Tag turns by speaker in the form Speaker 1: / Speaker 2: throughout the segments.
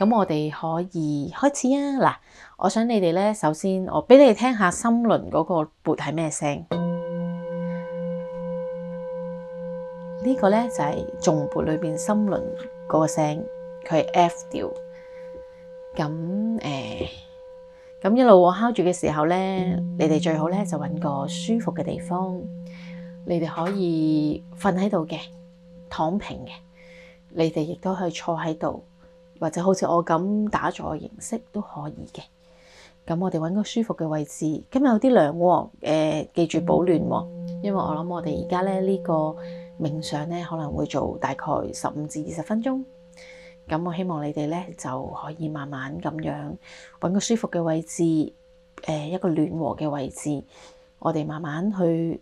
Speaker 1: 咁我哋可以開始啊！嗱，我想你哋咧，首先我俾你哋聽下心輪嗰個缽係咩聲？ 個呢、就是、個咧就係重缽裏邊心輪嗰個聲，佢係 F 調。咁誒，咁、呃、一路我敲住嘅時候咧，你哋最好咧就揾個舒服嘅地方，你哋可以瞓喺度嘅，躺平嘅，你哋亦都可以坐喺度。或者好似我咁打坐形式都可以嘅。咁我哋揾個舒服嘅位置。今日有啲涼喎，誒、呃、記住保暖喎、哦，因為我諗我哋而家咧呢、這個冥想咧可能會做大概十五至二十分鐘。咁我希望你哋咧就可以慢慢咁樣揾個舒服嘅位置，誒、呃、一個暖和嘅位置，我哋慢慢去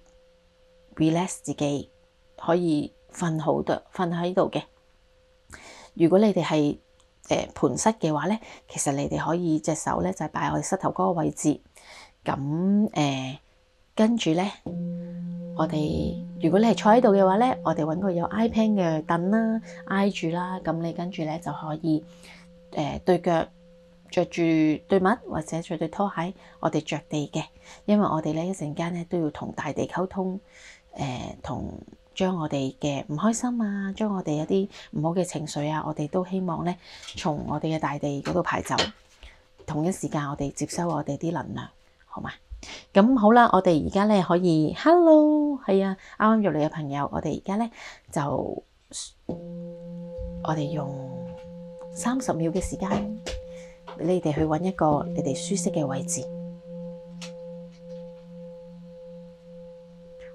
Speaker 1: relax 自己，可以瞓好瞓喺度嘅。如果你哋係～誒盤、呃、膝嘅話咧，其實你哋可以隻手咧就係擺喺我哋膝頭嗰個位置，咁誒、呃、跟住咧，我哋如果你係坐喺度嘅話咧，我哋揾個有 iPad 嘅凳啦，挨住啦，咁你跟住咧就可以誒、呃、對腳着住對襪或者着對拖鞋，我哋着地嘅，因為我哋咧一陣間咧都要同大地溝通，誒、呃、同。將我哋嘅唔開心啊，將我哋一啲唔好嘅情緒啊，我哋都希望咧，從我哋嘅大地嗰度排走。同一時間，我哋接收我哋啲能量，好嘛？咁好啦，我哋而家咧可以，hello，係啊，啱啱入嚟嘅朋友，我哋而家咧就，我哋用三十秒嘅時間，你哋去揾一個你哋舒適嘅位置，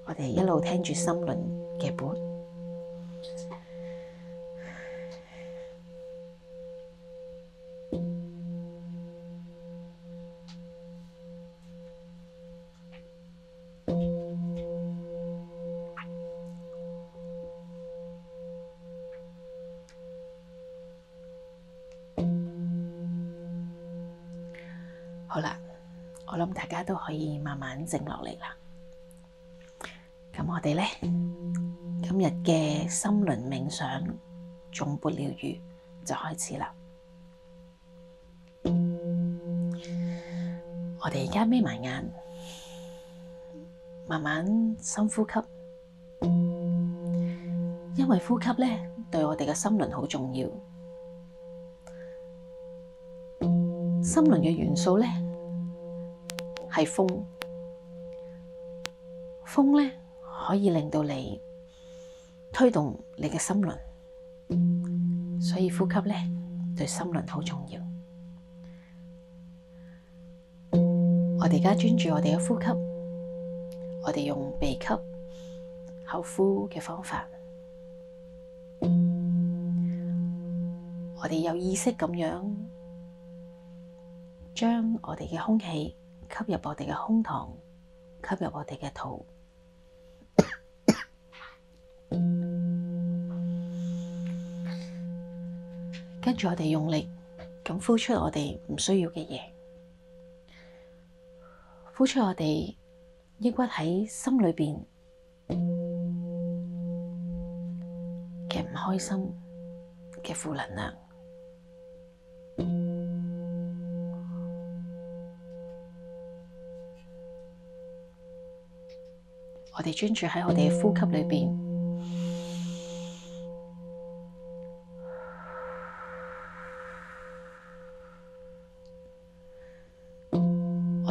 Speaker 1: 我哋一路聽住心輪。嘅噃，本 好啦，我諗大家都可以慢慢靜落嚟啦。咁我哋咧～今日嘅心輪冥想，頌缽療癒，就開始啦。我哋而家眯埋眼，慢慢深呼吸，因為呼吸呢對我哋嘅心輪好重要。心輪嘅元素呢係風，風呢可以令到你，推動你嘅心輪，所以呼吸呢對心輪好重要。我哋而家專注我哋嘅呼吸，我哋用鼻吸口呼嘅方法，我哋有意識咁樣將我哋嘅空氣吸入我哋嘅胸膛，吸入我哋嘅肚。跟住我哋用力咁呼出我哋唔需要嘅嘢，呼出我哋抑鬱喺心裏邊嘅唔開心嘅負能量。我哋專注喺我哋嘅呼吸裏邊。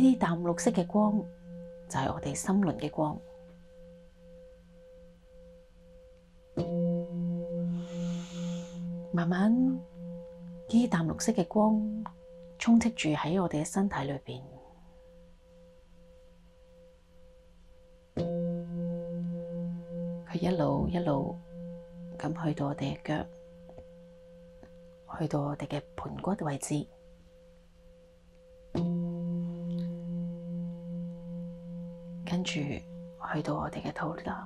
Speaker 1: 呢啲淡綠色嘅光就係、是、我哋心輪嘅光，慢慢呢啲淡綠色嘅光充斥住喺我哋嘅身體裏邊，佢一路一路咁去到我哋嘅腳，去到我哋嘅盆骨位置。跟住去到我哋嘅肚腩，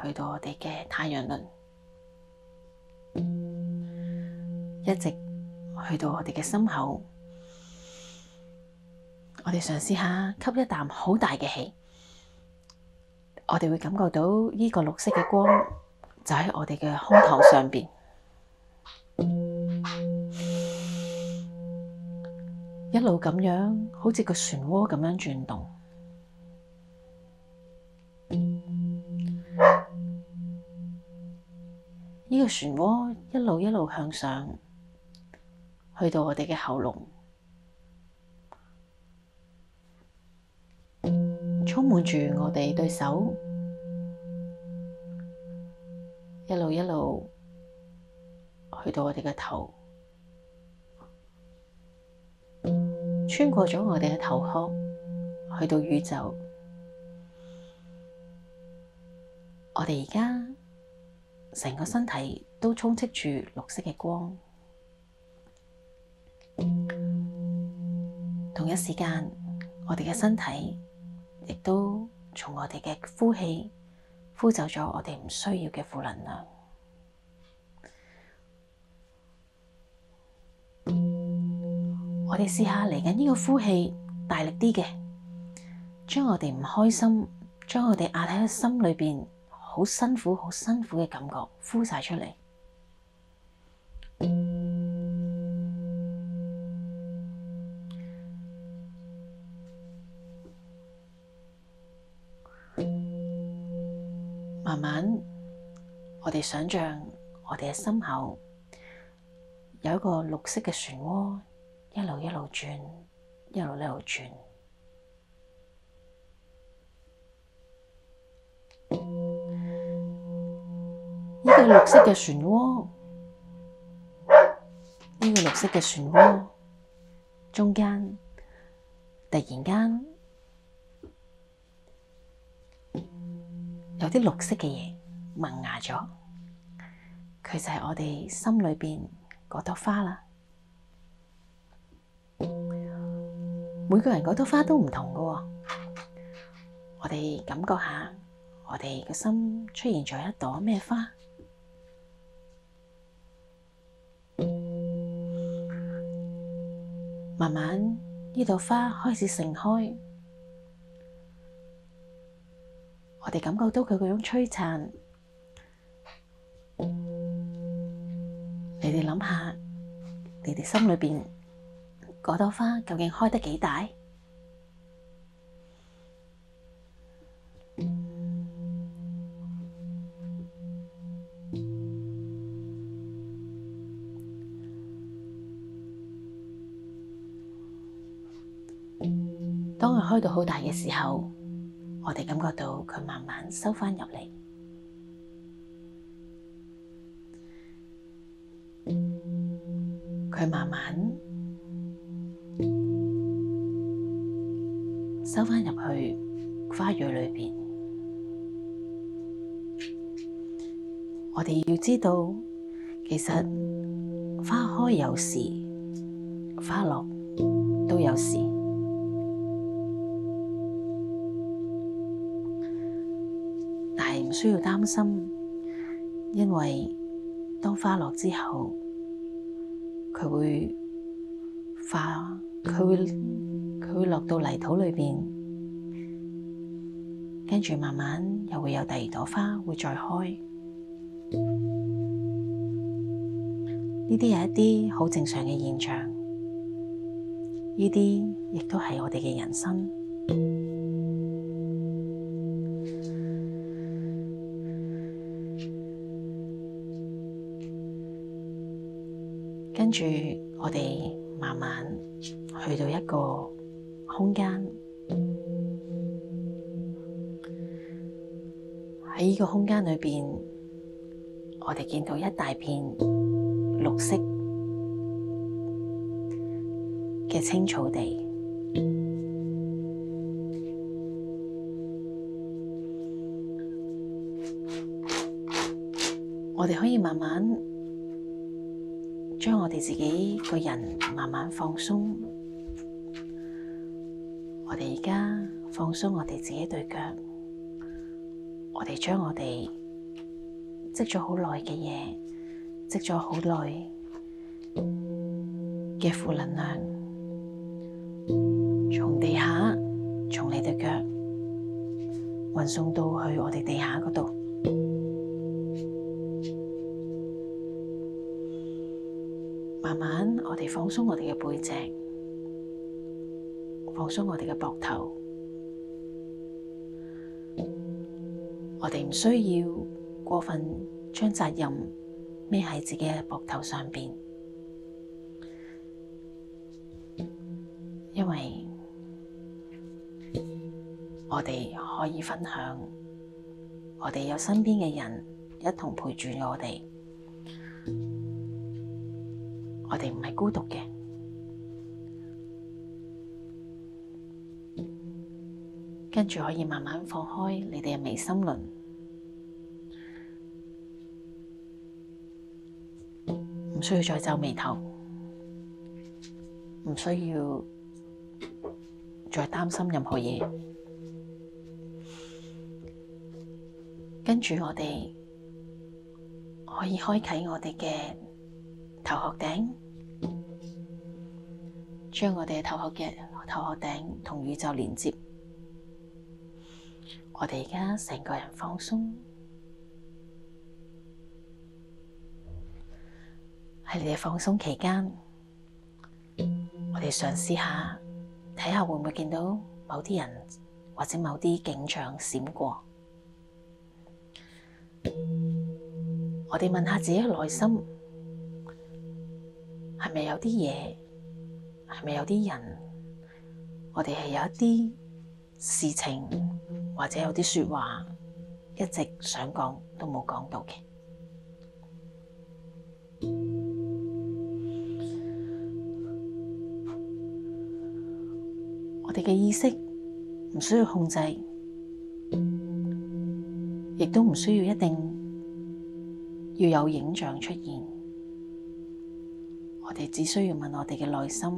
Speaker 1: 去到我哋嘅太陽輪，一直去到我哋嘅心口。我哋嘗試下吸一啖好大嘅氣，我哋會感覺到呢個綠色嘅光就喺我哋嘅胸膛上邊，一路咁樣好似個漩渦咁樣轉動。呢個漩渦一路一路向上，去到我哋嘅喉嚨，充滿住我哋對手，一路一路去到我哋嘅頭，穿過咗我哋嘅頭殼，去到宇宙。我哋而家。成個身體都充斥住綠色嘅光，同一時間，我哋嘅身體亦都從我哋嘅呼氣呼走咗我哋唔需要嘅負能量。我哋試下嚟緊呢個呼氣大力啲嘅，將我哋唔開心，將我哋壓喺心裏邊。好辛苦，好辛苦嘅感覺呼晒出嚟。慢慢，我哋想像我哋嘅心口有一個綠色嘅漩渦，一路一路轉，一路一路轉。綠色嘅漩渦，呢、這個綠色嘅漩渦中間突然間有啲綠色嘅嘢萌芽咗，佢就係我哋心裏邊嗰朵花啦。每個人嗰朵花都唔同㗎、哦，我哋感覺下，我哋個心出現咗一朵咩花？慢慢呢朵花開始盛開，我哋感覺到佢嗰種璀璨。你哋諗下，你哋心裏面嗰朵花究竟開得幾大？當佢開到好大嘅時候，我哋感覺到佢慢慢收返入嚟，佢慢慢收返入去花蕊裏邊。我哋要知道，其實花開有時，花落都有時。唔需要擔心，因為當花落之後，佢會化，佢會佢會落到泥土裏邊，跟住慢慢又會有第二朵花會再開。呢啲係一啲好正常嘅現象，呢啲亦都係我哋嘅人生。跟住，我哋慢慢去到一個空間。喺呢個空間裏面，我哋見到一大片綠色嘅青草地。我哋可以慢慢。我哋自己個人慢慢放鬆，我哋而家放鬆我哋自己對腳，我哋將我哋積咗好耐嘅嘢，積咗好耐嘅負能量，從地下，從你對腳，運送到去我哋地下嗰度。慢慢我我我，我哋放鬆我哋嘅背脊，放鬆我哋嘅膊頭。我哋唔需要過分將責任孭喺自己嘅膊頭上邊，因為我哋可以分享，我哋有身邊嘅人一同陪住我哋。我哋唔係孤獨嘅，跟住可以慢慢放開你哋嘅眉心輪，唔需要再皺眉頭，唔需要再擔心任何嘢，跟住我哋可以開啟我哋嘅。頭殼頂，將我哋嘅頭殼嘅頭殼頂同宇宙連接。我哋而家成個人放鬆，喺你哋放鬆期間，我哋嘗試下睇下會唔會見到某啲人或者某啲景象閃過。我哋問下自己嘅內心。係咪有啲嘢？係咪有啲人？我哋係有一啲事情，或者有啲說話，一直想講都冇講到嘅。我哋嘅意識唔需要控制，亦都唔需要一定要有影像出現。我哋只需要問我哋嘅內心，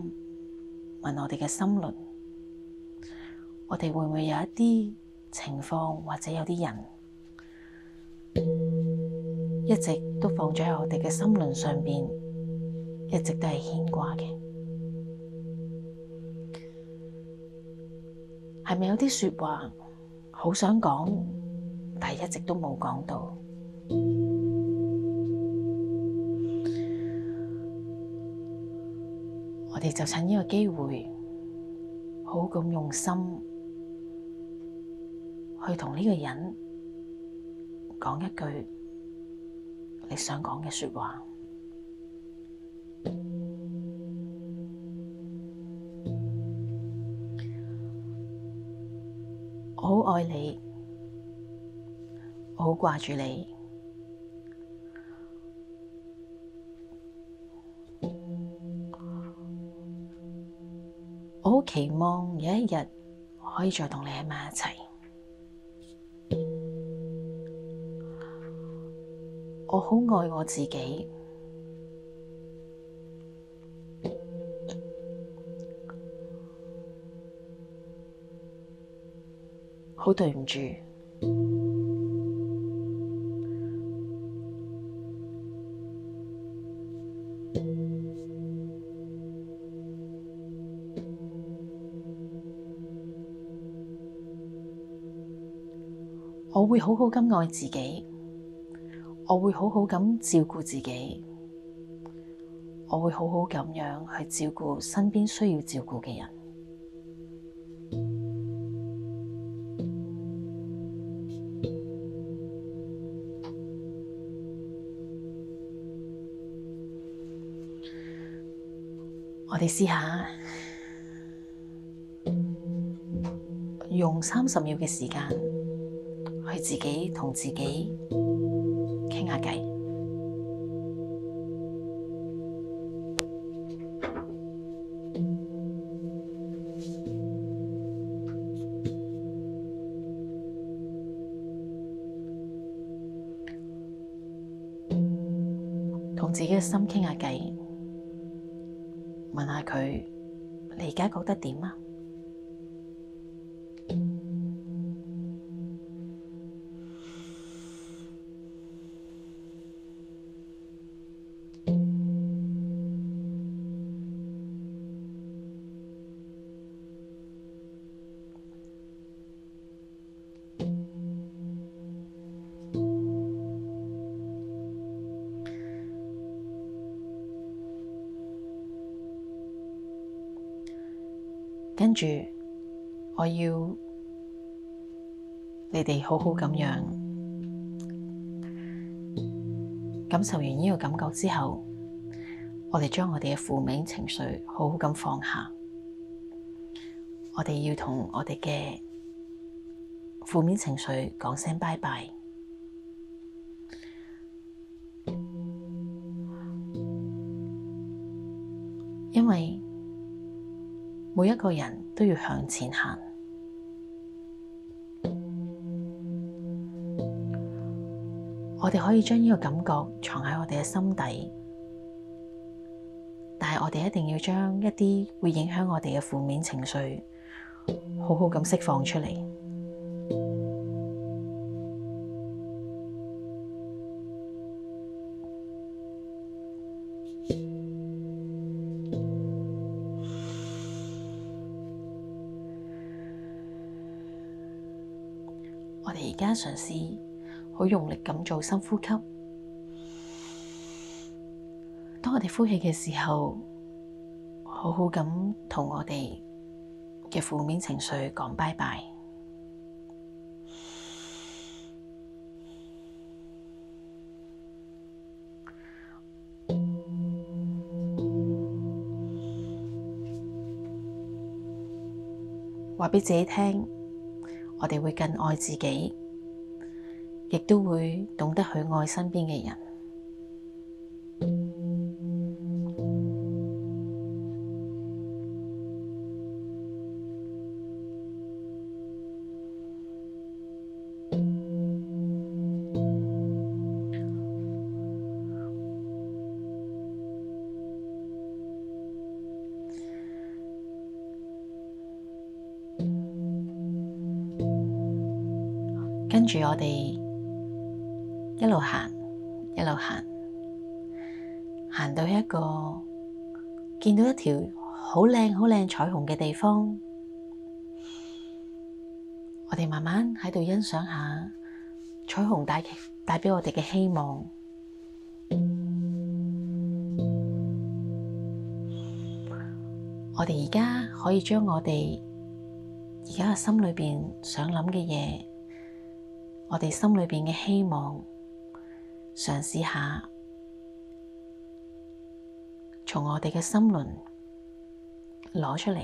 Speaker 1: 問我哋嘅心輪，我哋會唔會有一啲情況或者有啲人，一直都放咗喺我哋嘅心輪上面，一直都係牽掛嘅，係咪有啲說話好想講，但係一直都冇講到？我哋就趁呢個機會，好咁用心去同呢個人講一句你想講嘅說話。我好愛你，我好掛住你。期望有一日可以再同你喺埋一齊。我好愛我自己，好對唔住，會好好咁愛自己，我會好好咁照顧自己，我會好好咁樣去照顧身邊需要照顧嘅人。我哋試下用三十秒嘅時間。去自己同自己傾下偈，同自己嘅心傾下偈，問下佢，你而家覺得點呀？跟住，我要你哋好好咁樣，感受完呢個感覺之後，我哋將我哋嘅負面情緒好好咁放下。我哋要同我哋嘅負面情緒講聲拜拜，因為每一個人，都要向前行。我哋可以將呢個感覺藏喺我哋嘅心底，但係我哋一定要將一啲會影響我哋嘅負面情緒，好好咁釋放出嚟。我哋而家嘗試好用力咁做深呼吸。當我哋呼氣嘅時候，好好咁同我哋嘅負面情緒講拜拜。話俾自己聽。我哋會更愛自己，亦都會懂得去愛身邊嘅人。住我哋一路行，一路行，行到一個見到一條好靚、好靚彩虹嘅地方，我哋慢慢喺度欣賞下彩虹帶帶畀我哋嘅希望。我哋而家可以將我哋而家嘅心裏邊想諗嘅嘢。我哋心裏邊嘅希望，嘗試下從我哋嘅心輪攞出嚟。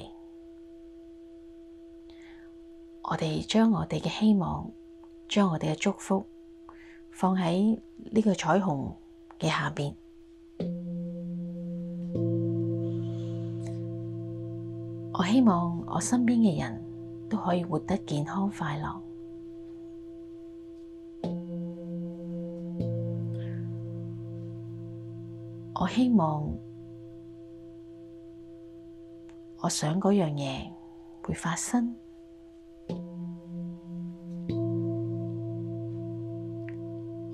Speaker 1: 我哋將我哋嘅希望，將我哋嘅祝福放喺呢個彩虹嘅下邊。我希望我身邊嘅人都可以活得健康快樂。我希望我想嗰樣嘢會發生。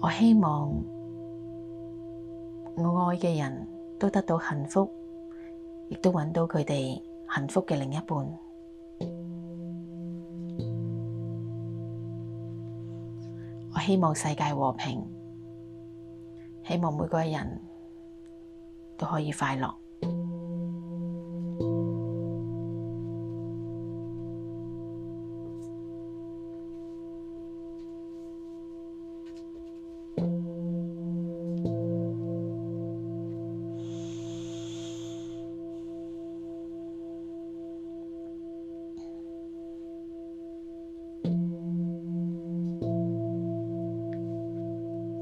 Speaker 1: 我希望我愛嘅人都得到幸福，亦都揾到佢哋幸福嘅另一半。我希望世界和平，希望每個人。都可以快樂。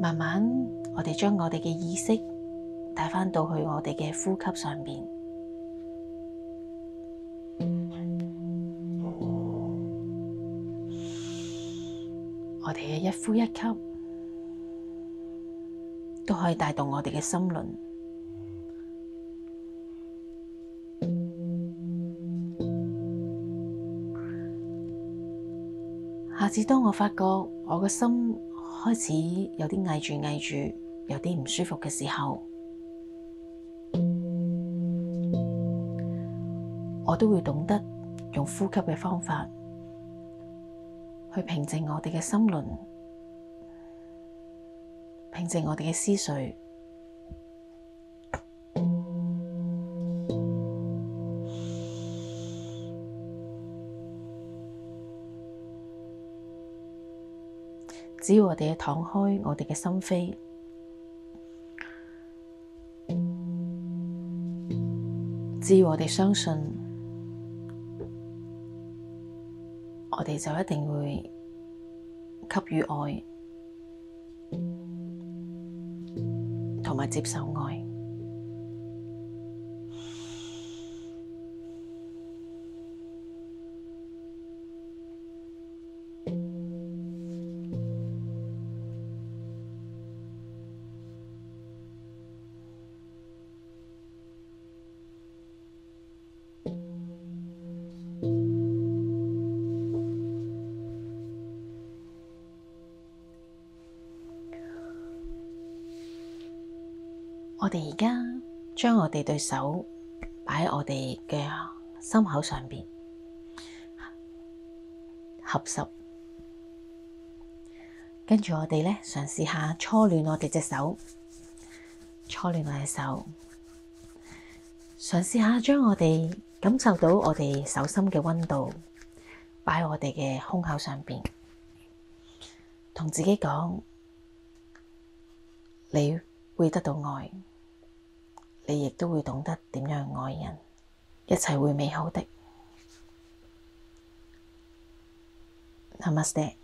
Speaker 1: 慢慢，我哋將我哋嘅意識。翻到去我哋嘅呼吸上面， 我哋嘅一呼一吸都可以帶動我哋嘅心輪。下次當我發覺我嘅心開始有啲翳住翳住，有啲唔舒服嘅時候。我都會懂得用呼吸嘅方法去平靜我哋嘅心輪，平靜我哋嘅思緒。只要我哋一敞開我哋嘅心扉，只要我哋相信。我哋就一定會給予愛，同埋接受愛。我哋而家將我哋對手擺喺我哋嘅心口上邊，合十，跟住我哋咧嘗試下搓暖我哋隻手，搓暖我隻手，嘗試下將我哋感受到我哋手心嘅溫度擺喺我哋嘅胸口上邊，同自己講，你會得到愛。你亦都會懂得點樣愛人，一切會美好的。Namaste。